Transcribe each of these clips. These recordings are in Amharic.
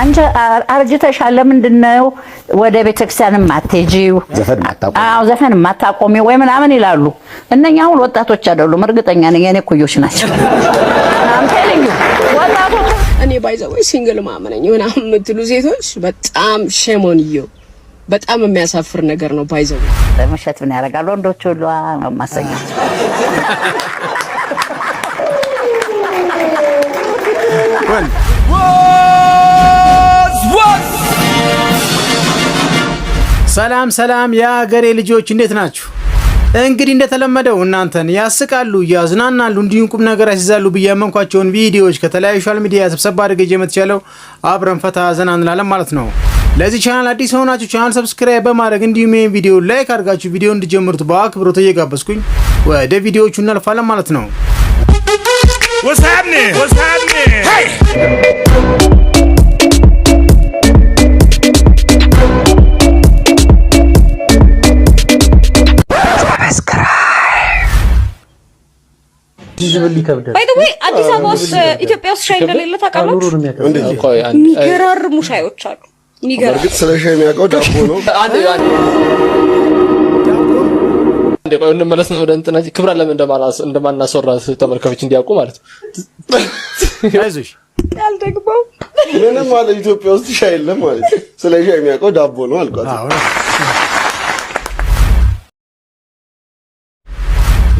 አንቺ አርጅተሻል። ለምንድን ነው ወደ ቤተክርስቲያን የማትሄጂው? ዘፈን ዘፈን የማታቆሚው ወይ ምናምን ይላሉ። እነኛ አሁን ወጣቶች አይደሉም፣ እርግጠኛ ነኝ የኔ ኩዮች ናቸው። እኔ ባይዘወይ ሲንግል ማመነኝ ምናምን የምትሉ ሴቶች በጣም ሸሞንዮ በጣም የሚያሳፍር ነገር ነው። ባይዘው መሸት ምን ያደርጋል? ወንዶች ሁሉ ማሰኛ ወንድ ሰላም ሰላም የአገሬ ልጆች እንዴት ናችሁ? እንግዲህ እንደተለመደው እናንተን ያስቃሉ፣ ያዝናናሉ እንዲሁም ቁም ነገር ያስይዛሉ ብዬ ያመንኳቸውን ቪዲዮዎች ከተለያዩ ሶሻል ሚዲያ ስብሰባ አድርገ የምትቻለው አብረን ፈታ ዘና እንላለን ማለት ነው። ለዚህ ቻናል አዲስ የሆናችሁ ቻናል ሰብስክራይብ በማድረግ እንዲሁም ይህን ቪዲዮ ላይክ አድርጋችሁ ቪዲዮ እንድጀምሩት በአክብሮት እየጋበዝኩኝ ወደ ቪዲዮዎቹ እናልፋለን ማለት ነው። What's What's happening? happening? Hey! ብል ይከብዳል። ባይ አዲስ አበባ ውስጥ ኢትዮጵያ ውስጥ ሻይ እንደሌለ ታውቃላችሁ። የሚገራርሙ ሻዮች አሉ። በእርግጥ ስለ ሻይ የሚያውቀው ዳቦ ነው። እንመለስ ወደ እንትና ክብራን ለምን እንደማናስወራ ተመልካቾች እንዲያውቁ ማለት ነው። አይዞሽ ያልደግመው ምንም አለ ኢትዮጵያ ውስጥ ሻይ የለም ማለት ስለ ሻይ የሚያውቀው ዳቦ ነው አልኳት።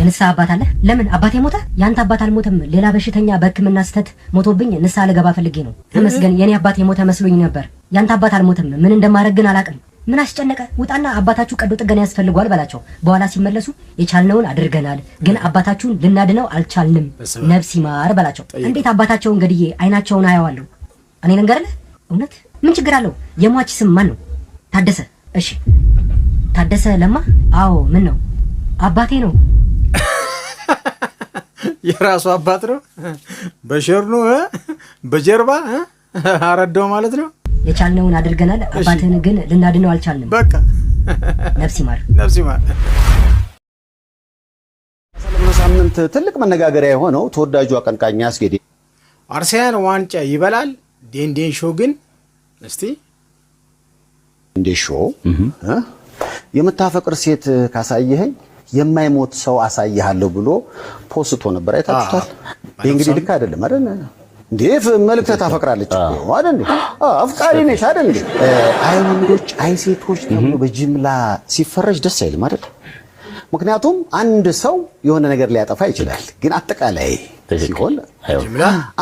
የንስሐ አባት አለ? ለምን አባቴ ሞተ? ያንተ አባት አልሞተም። ሌላ በሽተኛ በህክምና ስተት ሞቶብኝ ንስሐ ልገባ ፈልጌ ነው። ተመስገን፣ የኔ አባት የሞተ መስሎኝ ነበር። ያንተ አባት አልሞተም። ምን እንደማደርግ ግን አላውቅም። ምን አስጨነቀ? ውጣና አባታችሁ ቀዶ ጥገና ያስፈልጓል በላቸው። በኋላ ሲመለሱ የቻልነውን አድርገናል፣ ግን አባታችሁን ልናድነው አልቻልንም፣ ነፍስ ይማር በላቸው። እንዴት አባታቸውን ገድዬ አይናቸውን አየዋለሁ? እኔ ልንገርልህ፣ እውነት ምን ችግር አለው? የሟች ስም ማን ነው? ታደሰ። እሺ ታደሰ ለማ። አዎ ምን ነው አባቴ ነው የራሱ አባት ነው። በሸርኑ በጀርባ አረዳው ማለት ነው። የቻልነውን አድርገናል። አባትህን ግን ልናድነው አልቻልንም። በቃ ነፍስ ይማር፣ ነፍስ ይማር። ሳምንት ትልቅ መነጋገሪያ የሆነው ተወዳጁ አቀንቃኝ አስጌዴ አርሰናል ዋንጫ ይበላል፣ ዴንዴን ሾው ግን እስቲ ዴንዴን ሾ የምታፈቅር ሴት ካሳየኸኝ የማይሞት ሰው አሳይሃለሁ ብሎ ፖስቶ ነበር። አይታችሁታል። ይህ እንግዲህ ልክ አይደለም አይደል? እንዴ መልእክት ታፈቅራለች አይደል? አፍቃሪ ነሽ አይደል? እንዴ አይ ወንዶች፣ አይ ሴቶች ተብሎ በጅምላ ሲፈረጅ ደስ አይልም አይደል? ምክንያቱም አንድ ሰው የሆነ ነገር ሊያጠፋ ይችላል፣ ግን አጠቃላይ ሲሆን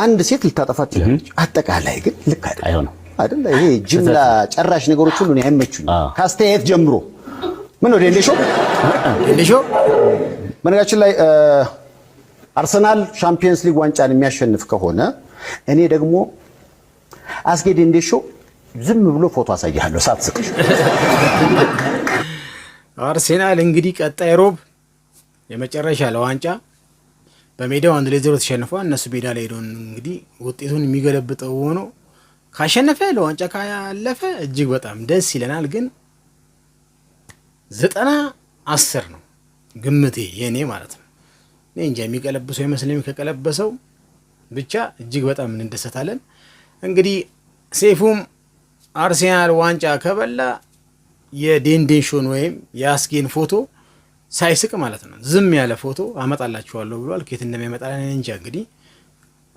አንድ ሴት ልታጠፋ ትችላለች። አጠቃላይ ግን ልክ አይደለም አይደል? ይሄ ጅምላ ጨራሽ ነገሮች ሁሉ አይመቹኝም ከአስተያየት ጀምሮ ምን ነው ዴንዴሾ ዴንዴሾ። በነገራችን ላይ አርሰናል ሻምፒየንስ ሊግ ዋንጫን የሚያሸንፍ ከሆነ እኔ ደግሞ አስጌ ዴንዴሾ ዝም ብሎ ፎቶ አሳያለሁ ሳትስቅ። አርሴናል እንግዲህ ቀጣይ ሮብ የመጨረሻ ለዋንጫ በሜዳው አንድ ለዜሮ ተሸንፏል። እነሱ ሜዳ ላይ ሄደውን እንግዲህ ውጤቱን የሚገለብጠው ሆኖ ካሸነፈ ለዋንጫ ካለፈ እጅግ በጣም ደስ ይለናል ግን ዘጠና አስር ነው ግምቴ የእኔ ማለት ነው። እኔ እንጃ የሚቀለብሰው ይመስለኝ ከቀለበሰው ብቻ እጅግ በጣም እንደሰታለን። እንግዲህ ሴፉም አርሴናል ዋንጫ ከበላ የዴንዴንሾን ወይም የአስጌን ፎቶ ሳይስቅ ማለት ነው ዝም ያለ ፎቶ አመጣላችኋለሁ ብሏል። ኬት እንደሚያመጣ እንጃ። እንግዲህ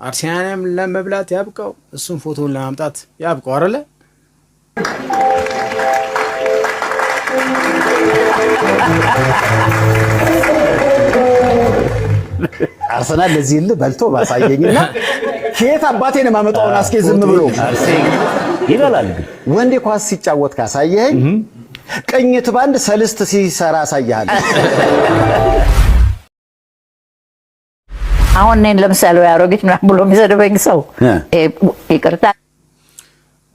አርሴናልም ለመብላት ያብቃው፣ እሱም ፎቶን ለማምጣት ያብቀው አረለ አርሰናል ለዚህ ልህ በልቶ ባሳየኝና ከየት አባቴ ነው የማመጣውን አስኬ ዝም ብሎ ይበላል። ወንዴ ኳስ ሲጫወት ካሳየኸኝ ቅኝት ባንድ ሰልስት ሲሰራ አሳያሃል። አሁን እኔን ለምሳሌ አሮጊት ምናምን ብሎ የሚሰድበኝ ሰው ይቅርታ።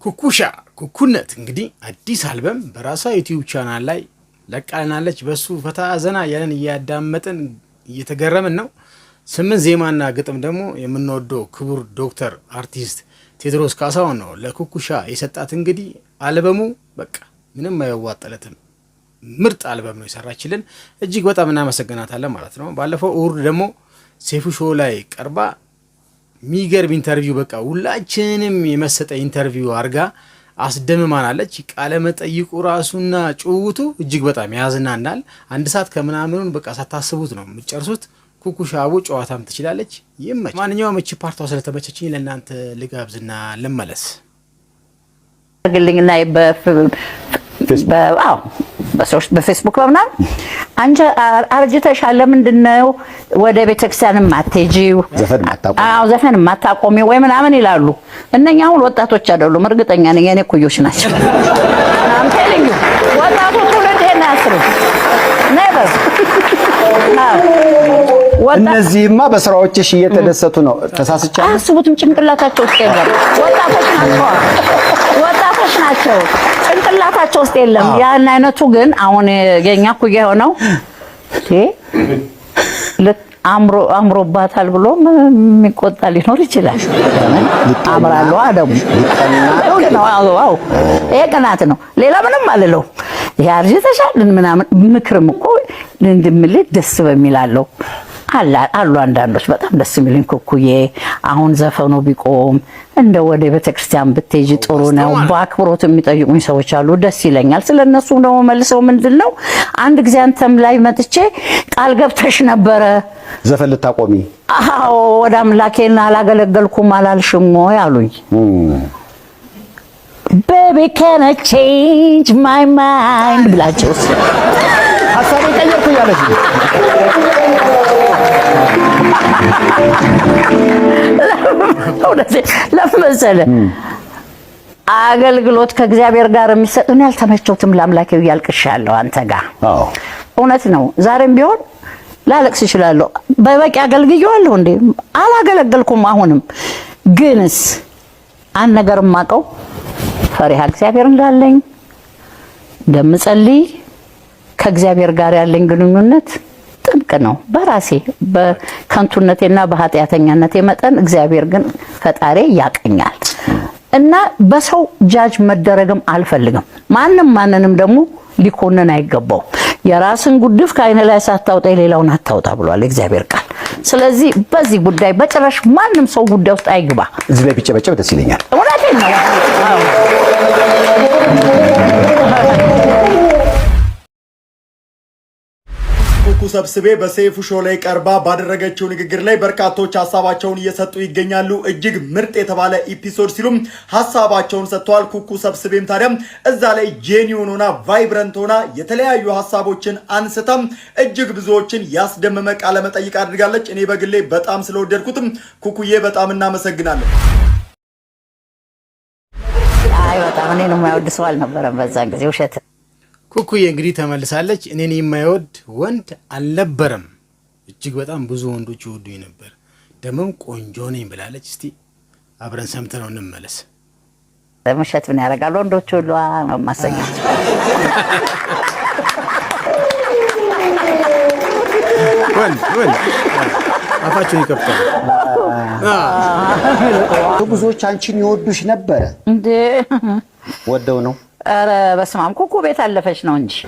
ኩኩሻ ኩኩነት እንግዲህ አዲስ አልበም በራሷ ዩቲዩብ ቻናል ላይ ለቃልናለች። በሱ ፈታ ዘና ያለን እያዳመጥን እየተገረምን ነው። ስምንት ዜማና ግጥም ደግሞ የምንወደው ክቡር ዶክተር አርቲስት ቴዎድሮስ ካሳሁን ነው ለኩኩሻ የሰጣት። እንግዲህ አልበሙ በቃ ምንም አይዋጠለትም። ምርጥ አልበም ነው የሰራችልን። እጅግ በጣም እናመሰግናታለን ማለት ነው። ባለፈው እሑድ ደግሞ ሴፉ ሾው ላይ ቀርባ ሚገርም ኢንተርቪው በቃ ሁላችንም የመሰጠ ኢንተርቪው አድርጋ አስደምማናለች። ቃለመጠይቁ ራሱና ጭውውቱ እጅግ በጣም ያዝናናል። አንድ ሰዓት ከምናምኑን በቃ ሳታስቡት ነው የምጨርሱት። ኩኩሻቡ ጨዋታም ትችላለች። ይመች። ማንኛውም እቺ ፓርቷ ስለተመቸችኝ ለእናንተ ልጋብዝና ልመለስ ግልኝና በፌስቡክ በምናምን አንቺ አርጅተሻል፣ ለምንድን ነው ወደ ቤተክርስቲያን የማትሄጂው? ዘፈን የማታቆሚው ወይ ምናምን ይላሉ። እነኛ አሁን ወጣቶች አይደሉም፣ እርግጠኛ ነኝ የኔ ኩዮች ናቸው። ወጣቱ ትውልድ ይሄን አያስብም። እነዚህማ በስራዎችሽ እየተደሰቱ ነው። ተሳስቻለሁ። አስቡትም ጭንቅላታቸው ውስጥ ወጣቶች ናቸው። ወጣቶች ናቸው። ጭንቅላታቸው ውስጥ የለም። ያን አይነቱ ግን አሁን የኛ እኩያ የሆነው አምሮባታል ብሎ የሚቆጣ ሊኖር ይችላል። አምራሉ አደሙ ይሄ ቅናት ነው። ሌላ ምንም አልለው። ይሄ አርጅተሻል ምናምን ምክርም እኮ እንድምልህ ደስ በሚላለው አሉ አንዳንዶች በጣም ደስ የሚሉኝ ኩኩዬ፣ አሁን ዘፈኑ ቢቆም እንደ ወደ ቤተክርስቲያን ብትሄጂ ጥሩ ነው፣ በአክብሮት የሚጠይቁኝ ሰዎች አሉ። ደስ ይለኛል። ስለ እነሱ ደግሞ መልሰው ምንድን ነው አንድ ጊዜ አንተም ላይ መጥቼ ቃል ገብተሽ ነበረ ዘፈን ልታቆሚ። አዎ ወደ አምላኬን አላገለገልኩም አላልሽም ወይ አሉኝ። ቤቢ ካን ቼንጅ ማይ ማይንድ ብላቸው ሀሳቤን ቀየርኩ እያለች ለምን መሰለህ? አገልግሎት ከእግዚአብሔር ጋር የሚሰጥ እኔ አልተመቸውትም። ለአምላኬው እያልቅሻለሁ አንተ ጋር እውነት ነው። ዛሬም ቢሆን ላለቅስ እችላለሁ። በበቂ አገልግዬዋለሁ እንዴ? አላገለገልኩም። አሁንም ግንስ አንድ ነገር የማውቀው ፈሪሃ እግዚአብሔር እንዳለኝ እንደምጸልይ ከእግዚአብሔር ጋር ያለኝ ግንኙነት ጥብቅ ነው። በራሴ በከንቱነቴና በኃጢአተኛነቴ መጠን እግዚአብሔር ግን ፈጣሪ ያቀኛል እና በሰው ጃጅ መደረግም አልፈልግም። ማንም ማንንም ደግሞ ሊኮንን አይገባው። የራስን ጉድፍ ከአይን ላይ ሳታውጣ የሌላውን አታውጣ ብሏል እግዚአብሔር ቃል። ስለዚህ በዚህ ጉዳይ በጭራሽ ማንም ሰው ጉዳይ ውስጥ አይግባ። እዚህ ላይ ቢጨበጨብ ደስ ይለኛል። እውነቴን ነው። መልኩ ሰብስቤ በሰይፉ ሾ ላይ ቀርባ ባደረገችው ንግግር ላይ በርካቶች ሀሳባቸውን እየሰጡ ይገኛሉ። እጅግ ምርጥ የተባለ ኢፒሶድ ሲሉም ሀሳባቸውን ሰጥተዋል። ኩኩ ሰብስቤም ታዲያም እዛ ላይ ጄኒውን ሆና ቫይብረንት ሆና የተለያዩ ሀሳቦችን አንስታም እጅግ ብዙዎችን ያስደመመ መጠይቅ አድርጋለች። እኔ በግሌ በጣም ስለወደድኩትም ኩኩዬ በጣም እናመሰግናለን። አይ በጣም የማይወድ ሰው አልነበረም በዛን ጊዜ ውሸት ኩኩዬ እንግዲህ ተመልሳለች። እኔን የማይወድ ወንድ አልነበረም። እጅግ በጣም ብዙ ወንዶች ይወዱኝ ነበር፣ ደግሞም ቆንጆ ነኝ ብላለች። እስቲ አብረን ሰምተነው እንመለስ። ምሸት ምን ያደርጋል? ወንዶች ሁሉ ማሰኛ አፋቸውን ይከፍታል። ብዙዎች አንቺን ይወዱሽ ነበረ እንዴ? ወደው ነው ኧረ በስመ አብ ኩኩ ቤት አለፈች ነው እንጂ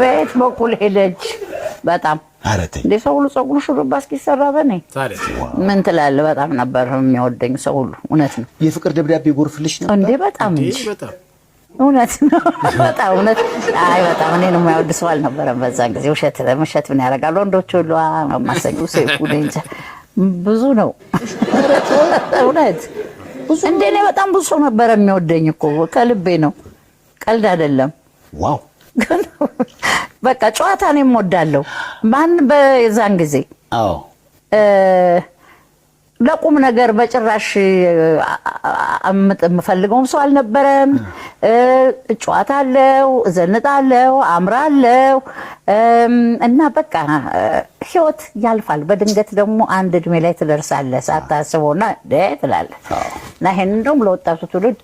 ቤት በኩል ሄደች? በጣም እንደ ሰው ሁሉ ፀጉሩ ሹሩባ እስኪሰራ በኔ ምን ትላለህ? በጣም ነበር የሚወደኝ ሰው ሁሉ። እውነት ነው። የፍቅር ደብዳቤ ጎርፍልሽ ነው እንዴ? በጣም እንጂ እውነት ነው። በጣም እውነት። አይ በጣም እኔን የማይወድ ሰው አልነበረም በዛን ጊዜ። ውሸት ውሸት ምን ያደርጋል? ወንዶች ሁሉ ማሰኙ ሴፉ ብዙ ነው እውነት እንደ እኔ በጣም ብዙ ሰው ነበረ የሚወደኝ እኮ ከልቤ ነው፣ ቀልድ አይደለም። ዋው በቃ ጨዋታ ነው የምወዳለሁ። ማን በዛን ጊዜ ለቁም ነገር በጭራሽ የምፈልገውም ሰው አልነበረም። ጨዋታ አለው፣ አለው፣ አምራ አለው እና በቃ ህይወት ያልፋል። በድንገት ደግሞ አንድ እድሜ ላይ ትደርሳለህ ሳታስበውና ትላለህ እና ይሄን እንደውም ለወጣቱ ትውልድ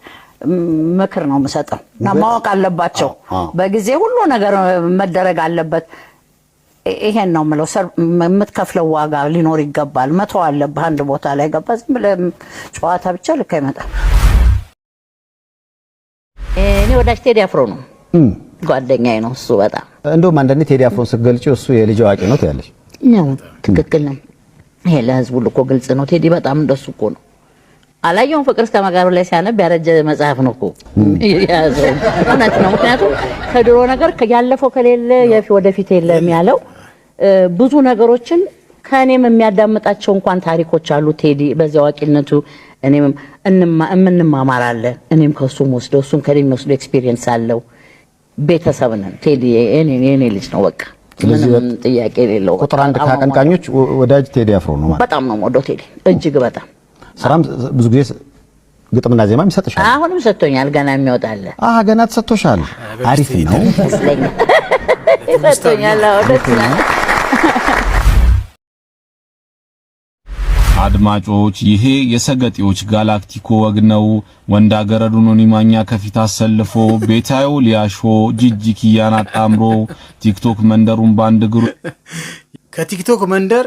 ምክር ነው የምሰጠው እና ማወቅ አለባቸው። በጊዜ ሁሉ ነገር መደረግ አለበት። ይሄን ነው የምለው። የምትከፍለው ዋጋ ሊኖር ይገባል። መተው አለብህ። አንድ ቦታ ላይ ገባ ዝም ብለህ ጨዋታ ብቻ ልክ አይመጣም። እኔ ወዳጅ ቴዲ አፍሮ ነው ጓደኛዬ ነው እሱ። በጣም እንደውም አንዳንዴ ቴዲ አፍሮን ስትገልጪው እሱ የልጅ አዋቂ ነው ትያለሽ። ትክክል ነው። ይሄ ለህዝቡ እኮ ግልጽ ነው። ቴዲ በጣም እንደሱ እኮ ነው። አላየሁም ፍቅር እስከ መቃብር ላይ ሲያነብ ያረጀ መጽሐፍ ነው እኮ የያዘው። እውነት ነው። ምክንያቱም ከድሮ ነገር ያለፈው ከሌለ ወደፊት የለም ያለው ብዙ ነገሮችን ከእኔም የሚያዳምጣቸው እንኳን ታሪኮች አሉ። ቴዲ በዚያ አዋቂነቱ እኔም እንማማራለን። እኔም ከሱም ወስዶ እሱም ከኔ ወስዶ ኤክስፒሪየንስ አለው። ቤተሰብ ነን። ቴዲ የኔ ልጅ ነው በቃ ምንም ጥያቄ የሌለው ቁጥር አንድ ከአቀንቃኞች ወዳጅ ቴዲ አፍሮ ነው። በጣም ነው ወዶ ቴዲ እጅግ በጣም ስራም ብዙ ጊዜ ግጥምና ዜማ ይሰጥሻል። አሁንም ሰጥቶኛል። ገና የሚወጣለ አሃ ገና ተሰጥቶሻል። አሪፍ ነው። ይሰጥቶኛል። አድማጮች፣ ይሄ የሰገጤዎች ጋላክቲኮ ወግ ነው። ወንዳ ወንዳገረዱን ኒማኛ ከፊት አሰልፎ ቤታዮ ሊያሾ ጂጂ ኪያን አጣምሮ ቲክቶክ መንደሩን በአንድ እግሩ ከቲክቶክ መንደር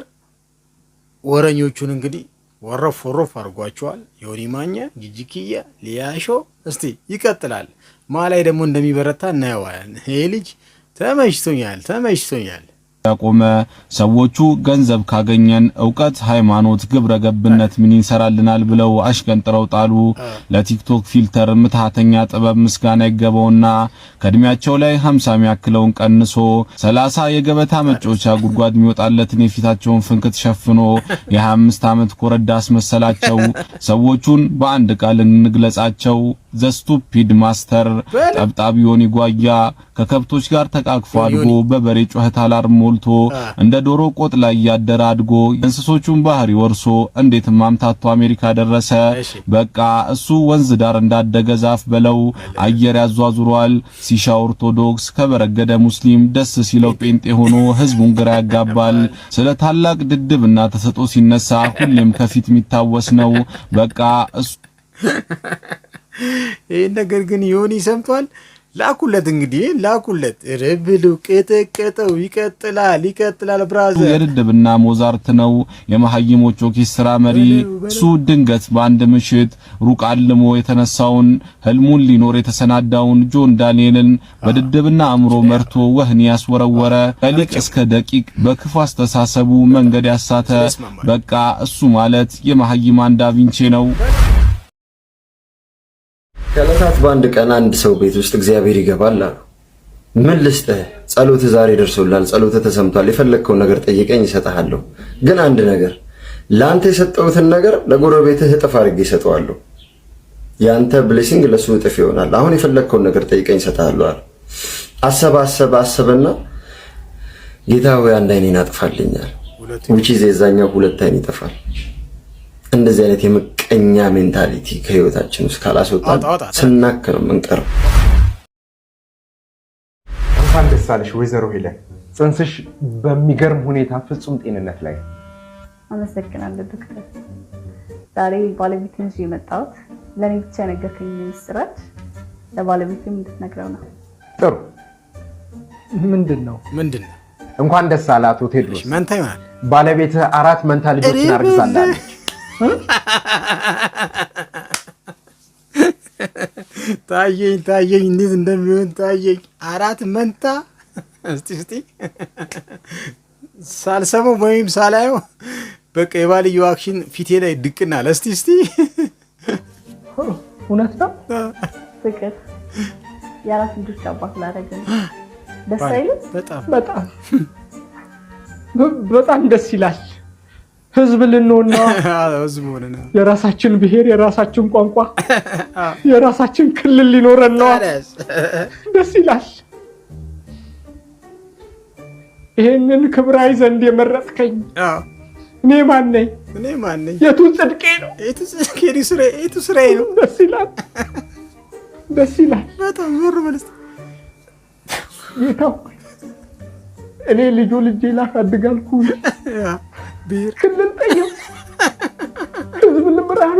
ወረኞቹን እንግዲህ ወረፍ ወረፍ አድርጓቸዋል። ዮኒ ማኛ፣ ጂጂኪያ፣ ሊያሾ እስቲ ይቀጥላል። ማላይ ላይ ደግሞ እንደሚበረታ እናየዋለን። ይሄ ልጅ ተመችቶኛል፣ ተመችቶኛል። ያቆመ ሰዎቹ ገንዘብ ካገኘን እውቀት፣ ሃይማኖት፣ ግብረ ገብነት ምን ይሰራልናል ብለው አሽቀንጥረው ጣሉ። ለቲክቶክ ፊልተር ምትሃተኛ ጥበብ ምስጋና ይገባውና ከእድሜያቸው ላይ 50 የሚያክለውን ቀንሶ 30 የገበታ መጮቻ ጉድጓድ የሚወጣለትን የፊታቸውን ፍንክት ሸፍኖ የ25 ዓመት ኮረዳ አስመሰላቸው። ሰዎቹን በአንድ ቃል እንግለጻቸው ዘ ስቱፒድ ማስተር። ጠብጣቢውን ይጓያ ከከብቶች ጋር ተቃቅፎ አድጎ በበሬ ጩኸት አላርሞ ሞልቶ እንደ ዶሮ ቆጥ ላይ ያደረ አድጎ እንስሶቹን ባህሪ ወርሶ እንዴት ማምታቱ አሜሪካ ደረሰ። በቃ እሱ ወንዝ ዳር እንዳደገ ዛፍ በለው አየር ያዟዙሯል። ሲሻ ኦርቶዶክስ ከበረገደ ሙስሊም፣ ደስ ሲለው ጴንጤ ሆኖ ህዝቡን ግራ ያጋባል። ስለ ታላቅ እና ተሰጦ ሲነሳ ሁሌም ከፊት የሚታወስ ነው። በቃ እሱ ይህን ነገር ግን ዮኒ ሰምቷል። ላኩለት እንግዲህ ላኩለት። ርብሉ ቅጥቅጠው ይቀጥላል ይቀጥላል። ብራዘር የድድብና ሞዛርት ነው የመሐይሞች ኦርኬስትራ መሪ እሱ ድንገት በአንድ ምሽት ሩቅ አልሞ የተነሳውን ህልሙን ሊኖር የተሰናዳውን ጆን ዳንኤልን በድድብና አእምሮ መርቶ ወህኒ ያስወረወረ ከሊቅ እስከ ደቂቅ በክፉ አስተሳሰቡ መንገድ ያሳተ በቃ እሱ ማለት የመሐይማን ዳቪንቼ ነው። ከለታት በአንድ ቀን አንድ ሰው ቤት ውስጥ እግዚአብሔር ይገባል አሉ። ምን ልስጥህ? ዛሬ ደርሶላል፣ ጸሎት ተሰምቷል፣ የፈለግከውን ነገር ጠይቀኝ ይሰጥሃለሁ። ግን አንድ ነገር ለአንተ የሰጠሁትን ነገር ለጎረቤትህ እጥፍ አድርጌ ይሰጠዋለሁ። የአንተ ብሌሲንግ ለሱ እጥፍ ይሆናል። አሁን የፈለግከውን ነገር ጠይቀኝ ይሰጥሃለሁ አለ። አሰበ አሰበ አሰበና ጌታ ሆይ አንድ አይኔን አጥፋልኛል። ውጪ የዛኛው ሁለት አይን ይጠፋል። እንደዚህ አይነት የምቀኛ ሜንታሊቲ ከህይወታችን ውስጥ ካላስወጣን ስናክ ነው ምንቀር። እንኳን ደስ አለሽ ወይዘሮ ሄለን፣ ጽንስሽ በሚገርም ሁኔታ ፍጹም ጤንነት ላይ። አመሰግናለሁ ዶክተር። ዛሬ ባለቤትን ይዤ የመጣሁት ለእኔ ብቻ የነገርከኝ ምስራች ለባለቤትም እንድትነግረው ነው። ጥሩ። ምንድን ነው ምንድን ነው? እንኳን ደስ አለ አቶ ቴድሮስ። መንታ ይሆናል ባለቤት አራት መንታ ልጆችን አርግዛላለች። ታየኝ ታየኝ፣ እንዴት እንደሚሆን ታየኝ። አራት መንታ እስቲ እስቲ ሳልሰማው ወይም ሳላየው በቃ የባልዩ አክሽን ፊቴ ላይ ድቅናል። እስቲ እስቲ እውነት ነው ፍቅር የአራት ልጆች አባት ላደረገ ደስ አይልም? በጣም በጣም በጣም ደስ ይላል። ህዝብ ልንሆንና የራሳችን ብሔር፣ የራሳችን ቋንቋ፣ የራሳችን ክልል ሊኖረን ነዋ። ደስ ይላል። ይሄንን ክብራዊ ዘንድ የመረጥከኝ እኔ ማን ነኝ? የቱ ጽድቄ ነው? የቱ ስራዬ ነው? ደስ ይላል። ደስ ይላል። በጣም ዞር በለስ ጌታው እኔ ልጁ ልጄ ላሳድጋልኩ ብሔር ክልል ጠየው ህዝብ ልምራሉ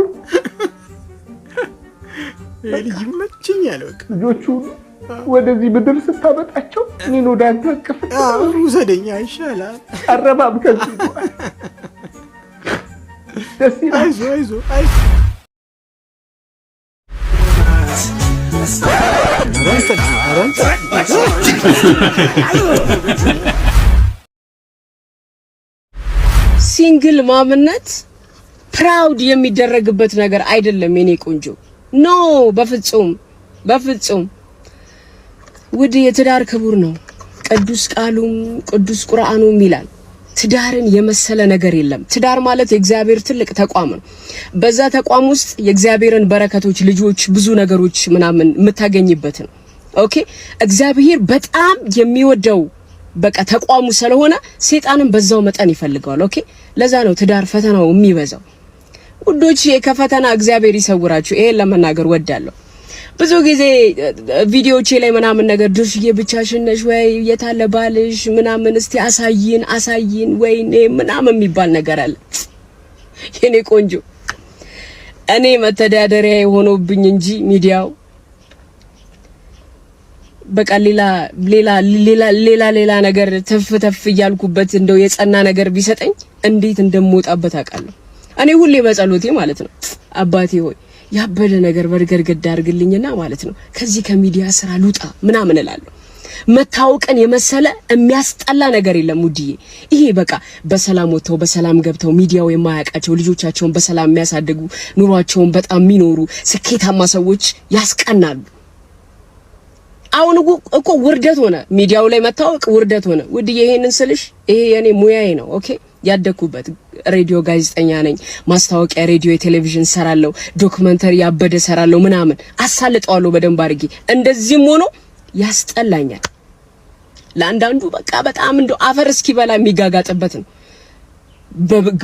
ልጅ መችኛል። በቃ ልጆቹ ወደዚህ ምድር ስታመጣቸው እኔን ወደ አንተ እቅፍ ውሰደኛ ይሻላል። አረባብ ከዚህ ደስ ይላል። አይዞ አይዞ አይዞ ሲንግል ማምነት ፕራውድ የሚደረግበት ነገር አይደለም። የኔ ቆንጆ ኖ፣ በፍጹም በፍጹም። ውድ የትዳር ክቡር ነው። ቅዱስ ቃሉም ቅዱስ ቁርአኑም ይላል ትዳርን የመሰለ ነገር የለም። ትዳር ማለት የእግዚአብሔር ትልቅ ተቋም ነው። በዛ ተቋም ውስጥ የእግዚአብሔርን በረከቶች፣ ልጆች፣ ብዙ ነገሮች ምናምን የምታገኝበት ነው። ኦኬ እግዚአብሔር በጣም የሚወደው በቃ ተቋሙ ስለሆነ ሴጣንም በዛው መጠን ይፈልገዋል። ኦኬ ለዛ ነው ትዳር ፈተናው የሚበዛው። ውዶች ከፈተና እግዚአብሔር ይሰውራችሁ። ይሄን ለመናገር ወዳለሁ። ብዙ ጊዜ ቪዲዮቼ ላይ ምናምን ነገር ድርሽዬ ብቻሽን ነሽ ወይ የታለ ባልሽ ምናምን እስቲ አሳይን አሳይን ወይ ምናምን የሚባል ነገር አለ። የኔ ቆንጆ እኔ መተዳደሪያ የሆነብኝ እንጂ ሚዲያው በቃ ሌላ ሌላ ሌላ ሌላ ነገር ተፍ ተፍ እያልኩበት እንደው የጸና ነገር ቢሰጠኝ እንዴት እንደምወጣበት አውቃለሁ። እኔ ሁሌ በጸሎቴ ማለት ነው አባቴ ሆይ ያበደ ነገር በርገርገድ አድርግልኝና ማለት ነው ከዚህ ከሚዲያ ስራ ልውጣ ምናምን እላለሁ። መታወቅን የመሰለ የሚያስጠላ ነገር የለም ውድዬ። ይሄ በቃ በሰላም ወጥተው በሰላም ገብተው ሚዲያው የማያውቃቸው ልጆቻቸውን በሰላም የሚያሳድጉ ኑሯቸውን በጣም የሚኖሩ ስኬታማ ሰዎች ያስቀናሉ። አሁን እኮ ውርደት ሆነ፣ ሚዲያው ላይ መታወቅ ውርደት ሆነ። ውድዬ ይሄንን ስልሽ ይሄ የኔ ሙያዬ ነው። ኦኬ ያደግኩበት ሬዲዮ ጋዜጠኛ ነኝ። ማስታወቂያ ሬዲዮ፣ የቴሌቪዥን ሰራለው ዶክመንተሪ ያበደ ሰራለው ምናምን አሳልጠዋለሁ በደንብ አድርጌ። እንደዚህም ሆኖ ያስጠላኛል። ለአንዳንዱ በቃ በጣም እንደው አፈር እስኪበላ የሚጋጋጥበት ነው።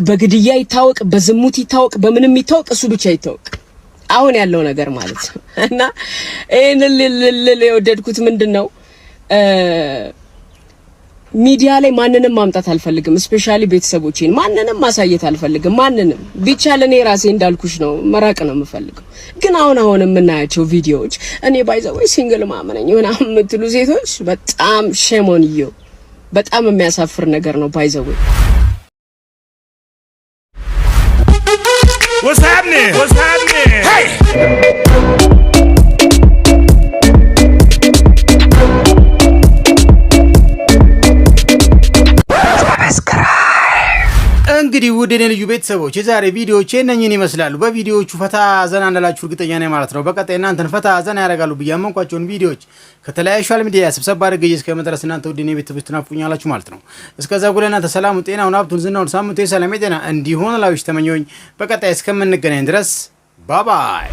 በግድያ ይታወቅ፣ በዝሙት ይታወቅ፣ በምንም ይታወቅ፣ እሱ ብቻ ይታወቅ። አሁን ያለው ነገር ማለት ነው። እና ይህን ልል የወደድኩት ምንድን ነው ሚዲያ ላይ ማንንም ማምጣት አልፈልግም። ስፔሻሊ ቤተሰቦቼን ማንንም ማሳየት አልፈልግም። ማንንም ቢቻል እኔ ራሴ እንዳልኩሽ ነው መራቅ ነው የምፈልገው። ግን አሁን አሁን የምናያቸው ቪዲዮዎች እኔ ባይዘወይ ሲንግል ማመነኝ ምናምን የምትሉ ሴቶች በጣም ሸሞንየው በጣም የሚያሳፍር ነገር ነው ባይዘወይ What's happening? What's happening? Hey! እንግዲህ ውድ የኔ ልዩ ቤተሰቦች የዛሬ ቪዲዮዎች እነኝን ይመስላሉ። በቪዲዮዎቹ ፈታ ዘና እንዳላችሁ እርግጠኛ ነኝ ማለት ነው። በቀጣይ እናንተን ፈታ ዘና ያደርጋሉ ብዬ አመንኳቸውን ቪዲዮዎች ከተለያዩ ሶሻል ሚዲያ ስብሰባ አድርገ እስከመድረስ እናንተ ውድ የኔ ቤተሰቦች ትናፍቁኛላችሁ ማለት ነው። እስከዛ ጉለ እናንተ ሰላሙ፣ ጤናውን፣ ሀብቱን፣ ዝናውን ሳምንቱ የሰላም የጤና እንዲሆን ላዊች ተመኘኝ። በቀጣይ እስከምንገናኝ ድረስ ባባይ